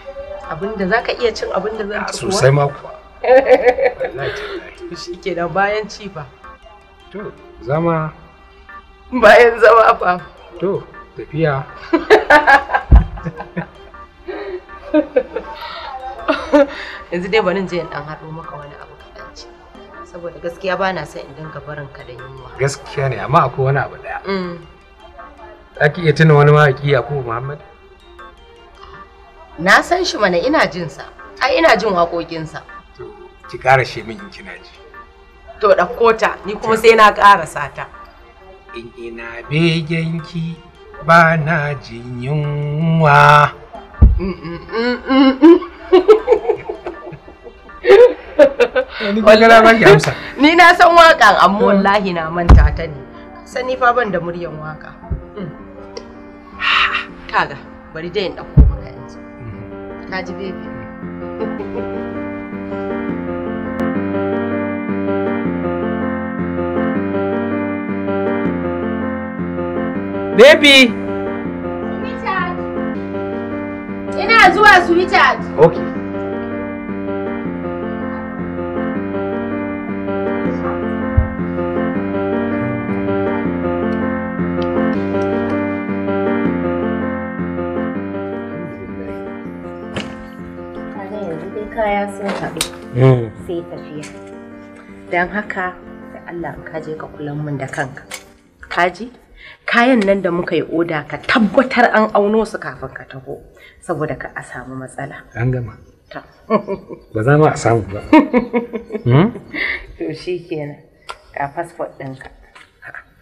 [SPEAKER 2] abin da zaka iya cin abin da zan ci sosai ma kuwa wallahi shi da bayan ci fa to zama bayan zama fa to tafiya Ha ha ha yanzu dai bari in je in dan haɗo maka wani abu kaɗan ci saboda gaskiya ba na son in dinga barin ka da yunwa
[SPEAKER 6] gaskiya ne amma akwai wani abu daya mm. Aki iya tuna wani mawaƙi Yakubu Muhammad?
[SPEAKER 2] Na san shi mana ina jin sa. Ai ina jin waƙoƙinsa. To
[SPEAKER 6] ki ƙara shi min in
[SPEAKER 2] kina ji. To ɗauko ta ni kuma sai na ƙara sata. In ina
[SPEAKER 6] begenki ba na jin yunwa.
[SPEAKER 2] Ni na san waƙan amma mm. wallahi na manta ta ne. Sani fa ban da muryan waƙa. Mm. Kaga bari dai in ɗauko maka yanzu. Mm. Ka ji bebe.
[SPEAKER 4] Baby!
[SPEAKER 2] Ina zuwa sweetheart. Okay. kaya sun haɗu hmm. sai tafiya don haka da Allah ka je ka kula mun da kanka kaji kayan nan da muka yi oda ka tabbatar an auno su kafin ka taho saboda ka a samu matsala an gama ba za mu a samu ba hmm? to shi kenan ga fasfot ɗinka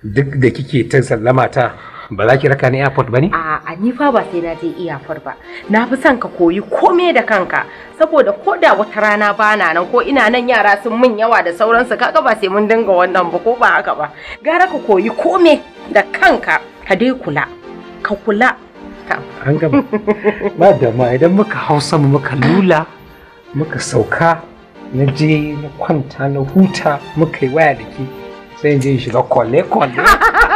[SPEAKER 6] duk da kike ta sallama ta ba za ki raka ni airport ba ne?
[SPEAKER 2] A'a ni fa ba sai na je airport ba. Na fi son ka koyi komai da kanka saboda ko da wata rana ba nan ko ina nan yara sun min yawa da sauransu kaga ba sai mun dinga wannan ba ko ba haka ba. Gara ka koyi komai da kanka ka dai kula. Ka kula.
[SPEAKER 6] An gama. Ba da ma idan muka hausa muka lula muka sauka na je na kwanta na huta muka yi waya da ke sai in je shiga kwale-kwale.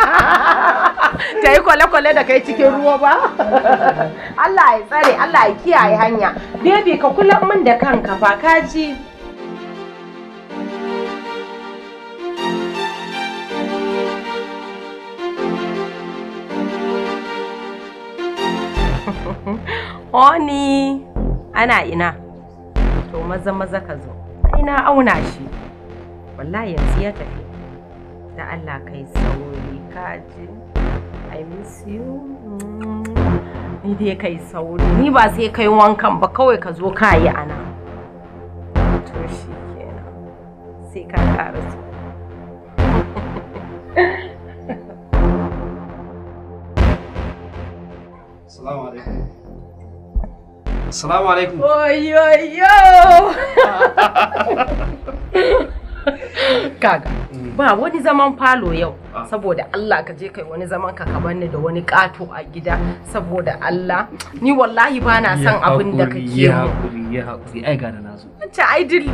[SPEAKER 2] ta yi kwale-kwale da kai cikin ruwa ba Allah ya tsare Allah ya kiyaye hanya baby ka kula min da kanka fa ka ji Oni ana ina to maza maza ka zo ina auna shi wallahi yanzu ya tafi da Allah kai sauri kaji. I miss you. Ni dai kai sauri. Ni ba sai kai wankan ba kawai ka zo ka yi ana.
[SPEAKER 5] To shi kenan.
[SPEAKER 2] Sai ka ƙara su. Assalamu alaikum. Assalamu alaikum. Oyoyo! kaga ba wani zaman falo yau saboda Allah ka je kai wani zaman ka ka bani da wani kato a gida saboda Allah ni wallahi ba na son abin da kake yi ya
[SPEAKER 1] hakuri ya hakuri ai ga da nazo
[SPEAKER 2] Wacce ai dil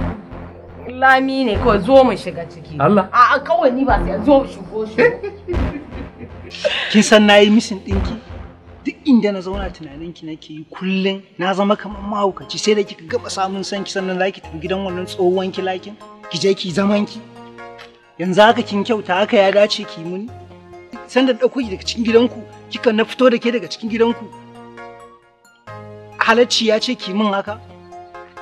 [SPEAKER 2] lami
[SPEAKER 5] ne ko zo mu shiga ciki Allah a a kawai ni ba sai zo shigo shigo eh? kin san nayi mishin dinki duk inda na zauna tunanin ki nake yi kullum na zama kamar mahaukaci sai da kika gaba samun sanki sannan zaki tafi gidan wannan tsohon kilakin ki je ki zaman ki yanzu haka kin kyauta haka ya dace ki muni san da dauko daga cikin gidanku kika na fito da ke daga cikin gidanku halacci ya ce ki min haka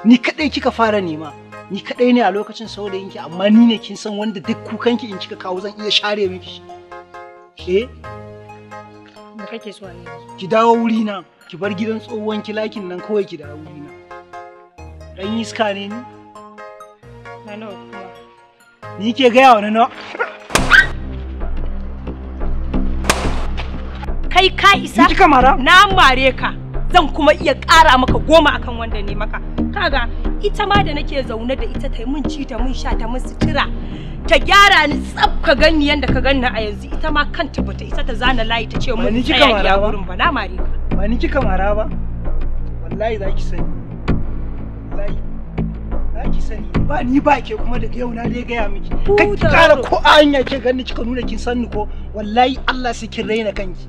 [SPEAKER 5] ni kadai kika fara nema ni kadai ne a lokacin saboda yinki amma ni ne kin san wanda duk kukan ki in kika kawo zan iya share miki eh
[SPEAKER 3] me kake so ne
[SPEAKER 5] ki dawo wuri na ki bar gidan ki lakin nan kawai ki dawo wuri na dan iska ne ni Ni ke gaya wa na
[SPEAKER 2] Kai ka isa? Ni kika Na mare ka. Zan kuma iya ƙara maka goma akan wanda ne maka. Kaga ita ma da nake zaune da ita ta yi min ci ta min sha ta min sutura. ta gyara ni tsaf ka gani yanda ka gani a yanzu ita ma kanta bata
[SPEAKER 5] isa ta zana layi ta ce mun tsaya ya gurin ba na mare ka ba ni kika mara ba wallahi zaki sani wallahi za ki sani ba ni ba ke kuma daga yau na dai gaya miki ki kara ko a hanya ke ganni kika nuna kin sanni ko wallahi Allah sai kin raina kanki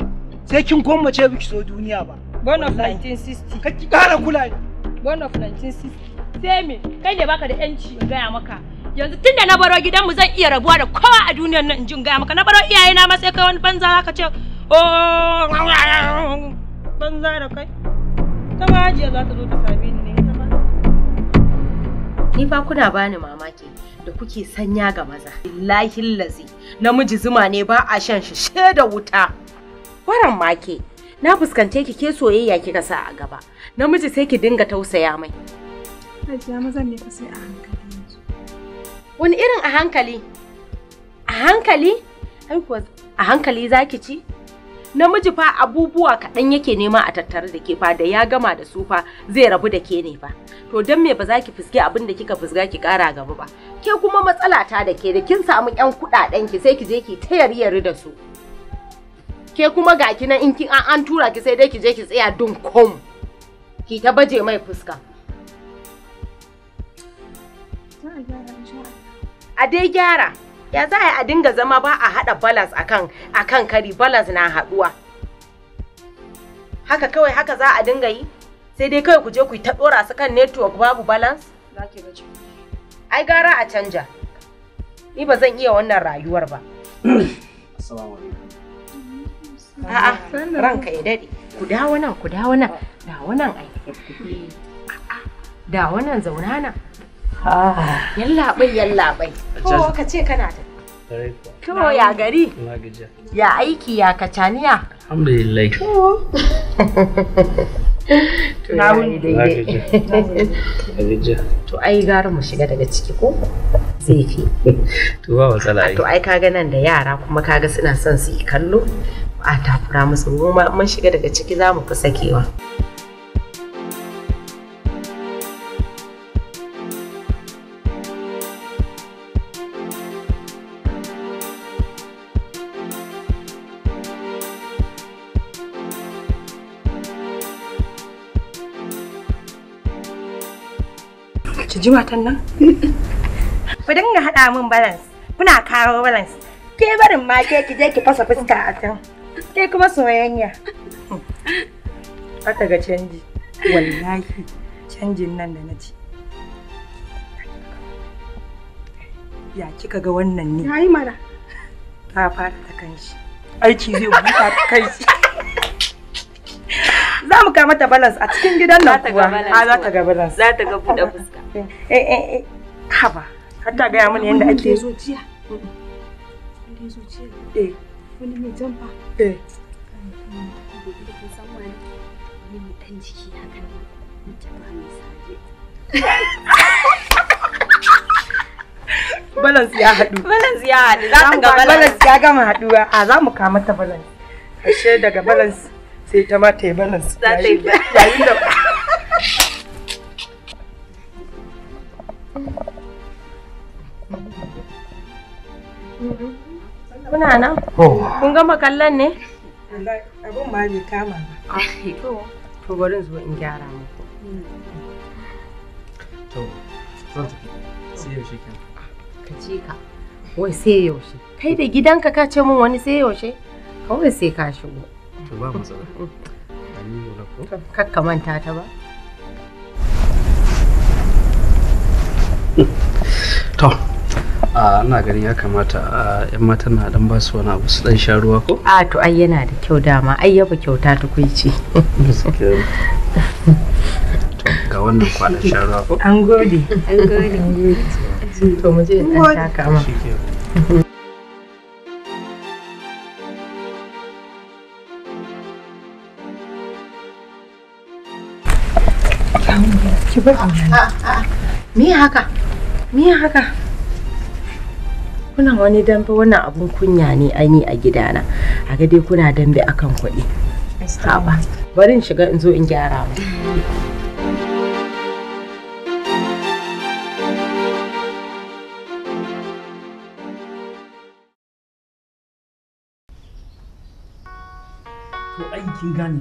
[SPEAKER 5] sai kin gwammace biki so duniya ba born of 1960 ka ki kara kula ni born of 1960
[SPEAKER 2] sai me kai ne baka da yanci in gaya maka yanzu tun da na baro mu zan iya rabuwa da kowa a duniyar nan in jin gaya maka na baro iyayena ma sai kai wani banza zaka ce oh banza da kai ta hajiya za ta zo ta ni Ni fa kuna bani mamaki da kuke sanya ga maza. Billahi lazi namiji zuma ne ba a shan shi she da wuta. Waran make na fuskance ki ke soyayya kika sa a gaba. Namiji sai ki dinga tausaya mai. Hajiya mazan ne sai a hankali. Wani irin a hankali? A hankali? Ai a hankali zaki ci? namiji fa abubuwa kaɗan yake nema a tattare da ke fa da ya gama da su fa zai rabu da ke ne fa to don me ba za ki fuske abin da kika fusga ki ƙara gaba ba ke kuma matsala ta da ke da kin samu ƴan kuɗaɗen ki sai ki je ki ta yaryari da su ke kuma ga ki in kin an tura ki sai dai ki je ki tsaya dun kom ki ta baje mai fuska a dai gyara ya za a dinga zama ba a haɗa balas akan akan kari balas na haɗuwa haka kawai haka za a dinga yi sai dai kawai ku je ku ta dora su kan network babu balance ai gara a canja ni ba zan iya wannan rayuwar ba a'a ranka ya daɗe ku dawo nan ku dawo nan dawo nan ai dawo nan zauna nan Ah. Yallaɓai yallaɓai. Kowa ka ce kana da. Kowa ya gari? Ya aiki ya kacaniya?
[SPEAKER 1] Alhamdulillah.
[SPEAKER 2] Na wuni daidai. To ai gara mu shiga daga ciki ko?
[SPEAKER 1] Zai fi. To ba matsala ai. To ai
[SPEAKER 2] kaga nan da yara kuma kaga suna son su yi kallo. A takura musu mun shiga daga ciki za mu fi sakewa. ji matan nan ku dinga haɗa min balance kuna kawo balance ke barin ma ke ki je ki fasa fuska a can ke kuma soyayya aka ga canji
[SPEAKER 5] wallahi canjin nan da na ci ya kika ga wannan ne yayi mana ta fara ta kanshi aiki
[SPEAKER 2] zai buka ta kai za mu kama ta balance a cikin gidan nan kuwa za ta ga balance za ta ga buɗe fuska Eh, eh, eh, eh haba gaya
[SPEAKER 3] mini yadda ake jiya wanda zuciya eh wani mai jamfa eh dan jiki haka ne
[SPEAKER 1] ta mai
[SPEAKER 2] saje balance ya haɗu balance ya haɗu za ka ga balance ya gama haɗuwa a za mu kama ta balance ashe daga balance sai ta ma ta yi balance yi balance Kuna nan? Oh. Kun gama kallon ne? Abin ma bai kama ba. To, bari zo in gyara mu. To, zan tafi. Sai yaushe kan. Ka ci ka. Wai sai yaushe. Kai da gidanka ka ce min wani sai yaushe? Kawai sai ka shigo. To ba matsala. Ani ne na ko? Kakka manta ta ba.
[SPEAKER 1] to ana ganin ya kamata yan mata na dan ba su wani abu su dan sha ruwa ko
[SPEAKER 2] a to ai yana da kyau dama ai yaba kyauta to
[SPEAKER 1] ga wannan kwana sha ruwa ko an
[SPEAKER 3] gode an gode to mu je dan ma ki
[SPEAKER 2] mi haka Miya haka? Kuna wani dambe wannan abun kunya ne ani a gidana. A ga dai kuna dambe akan kuɗi. Haba. Bari in shiga in zo in gyara mu.
[SPEAKER 1] To ai kin gane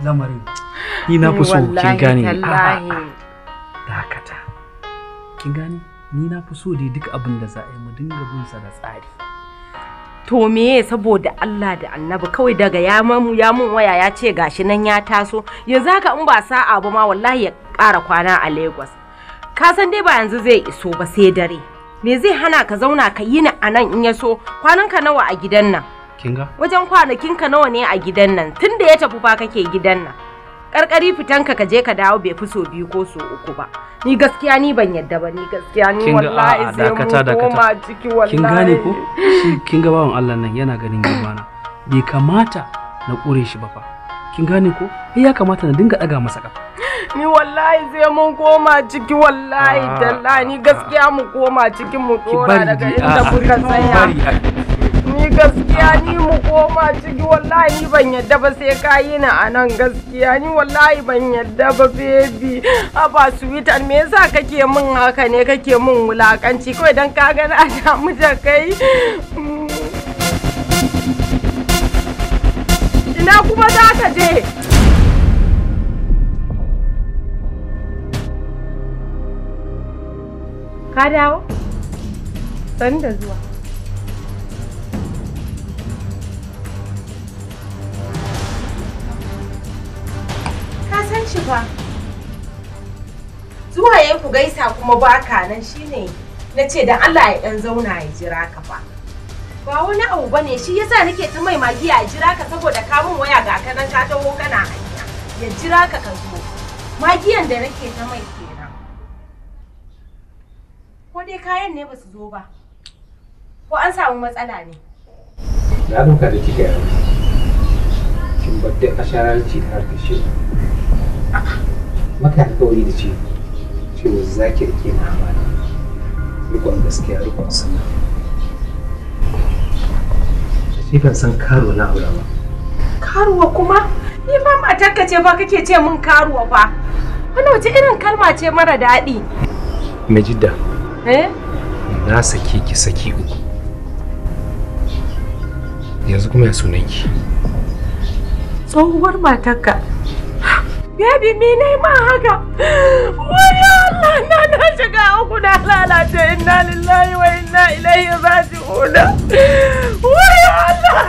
[SPEAKER 1] lamarin. Ni na fi so kin gane. A'a. Dakata. Kin gane? ni na fi so dai duk abin da za a yi mu dinga bin sa da tsari
[SPEAKER 2] to saboda Allah da Annabi kawai daga ya mamu ya mun waya ya ce gashi nan ya taso yanzu haka in ba sa'a ba ma wallahi ya ƙara kwana a Lagos ka san dai ba yanzu zai iso ba sai dare me zai hana ka zauna ka yi ni a in ya so kwananka nawa a gidan nan kinga wajen kwanakinka nawa ne a gidan nan tunda ya tafi ba kake gidan nan karkari fitan ka kaje ka dawo bai fi so biyu ko so uku ba ni gaskiya ni ban yadda ba ni gaskiya ni wallahi sai mu koma ciki wallahi kin gane ko
[SPEAKER 1] shi kin ga bawan Allah nan yana ganin gabana bai kamata na kure shi ba fa kin gane ko eh ya kamata na dinga daga masa kafa
[SPEAKER 2] ni wallahi sai mun koma ciki wallahi dalla ni gaskiya mu koma cikin mu tsora daga inda kuka tsaya ni gaskiya ni mu koma ciki wallahi ban yadda ba sai ka yi na a gaskiya ni wallahi ban yadda ba baby haba sweetheart me yasa kake min haka ne kake min wulakanci kawai dan ka ga na damu da kai mm. ina kuma za ka je ka dawo da zuwa ba. Zuwa ya ku gaisa kuma baka nan shine na ce dan Allah ya dan zauna ya jira ka fa. Ba wani abu bane shi yasa nake ta mai magi ya jira ka saboda ka mun waya ga ka ka taho kana hanya. Ya jira ka ka zo. Magiyan da nake ta mai kenan. Ko dai kayan ne ba su zo ba. Ko an samu matsala ne.
[SPEAKER 6] Na dauka da kika yaro. Kin dai a asharar ci har kashe. Makan kawai da ce cewa za ki rike na amana rikon gaskiya rikon suna shi kan san karuwa na aura ba
[SPEAKER 2] karuwa kuma ni ba matarka ce ba kake ce min karuwa ba wani wace irin kalma ce mara daɗi najidda eh
[SPEAKER 6] na sake ki saki uku yanzu kuma ya sunan ki
[SPEAKER 2] tsohuwar matarka Baby me ne ma haka? Wai Allah na na shiga uku na lalace inna lillahi
[SPEAKER 5] wa inna ilaihi raji'un. Wai Allah.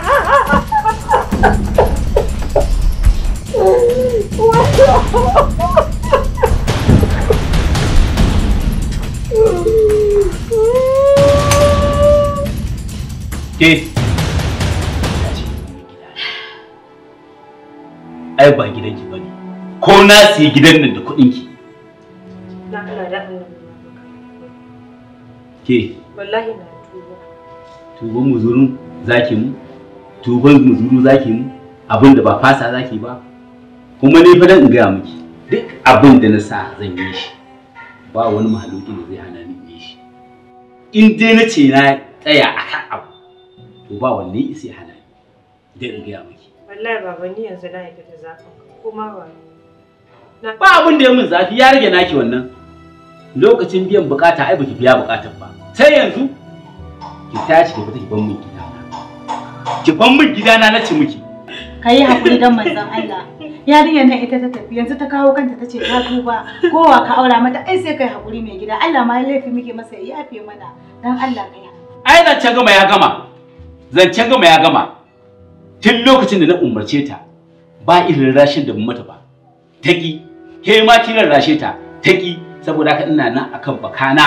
[SPEAKER 4] Ke, ai ba gidanki ko na siya gidan nan da kuɗin ki ke
[SPEAKER 2] wallahi na tuba
[SPEAKER 4] tuban za zaki mu tuban muzuru zaki mu abin da ba fasa zaki ba kuma ni fa dan in gaya miki duk abin da na sa zan yi shi ba wani mahaluki da zai hana ni yi shi in dai na ce na
[SPEAKER 5] tsaya a kan abu
[SPEAKER 4] to ba wanne isi hana ni in gaya miki
[SPEAKER 5] wallahi baba ni yanzu na yi ta zafin kuma wani. ba abin da
[SPEAKER 4] ya min zafi ya rage naki wannan lokacin biyan bukata ai baki biya bukatar ba sai yanzu ki tashi ki fita ki ban min gidana ki ban min gidana na ci miki
[SPEAKER 5] kai hakuri dan manzon
[SPEAKER 3] Allah rige nan ita ta tafi yanzu ta kawo kanta ta ce ta tuba kowa ka aura mata ai sai kai hakuri mai gida Allah ma laifi miki masa ya yafe mana dan Allah kai
[SPEAKER 4] ai zancen gama ya gama zancen gama ya gama tun lokacin da na umarce ta ba irin rashin da mu mata ba ta ki ke ma ki rarrashe ta ta ki saboda ka ina nan akan bakana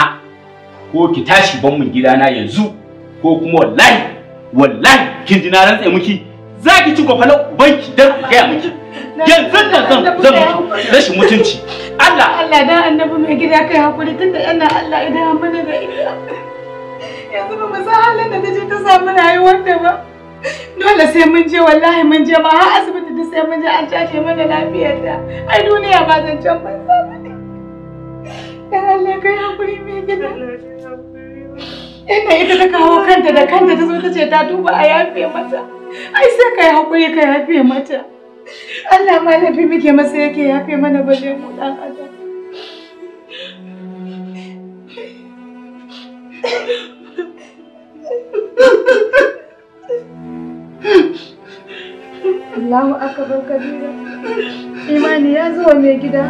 [SPEAKER 4] ko ki tashi ban mun gidana yanzu ko kuma wallahi wallahi kin ji na rantsa miki za ki ci kwafalan banki dan ga miki yanzu da zan zan miki rashin mutunci
[SPEAKER 3] Allah Allah dan annabi mai gida kai hakuri tunda ina Allah idan mana da ita yanzu ba mu halin da ta je ta samu rayuwar ta ba dole sai mun je wallahi mun je ma har asibiti duk sai mun je an tace mana lafiyarta ai duniya ba zancen banza ba ne Ya Allah kai hakuri mai gida inda ita ta kawo kanta da kanta ta zo ta ce ta duba a yafe mata ai sai kai hakuri kai yafe mata Allah ma lafi muke masa yake yafe mana zai mu dan
[SPEAKER 5] adam Hmm.
[SPEAKER 3] Allahu akbar kabira imani ya zo mai gida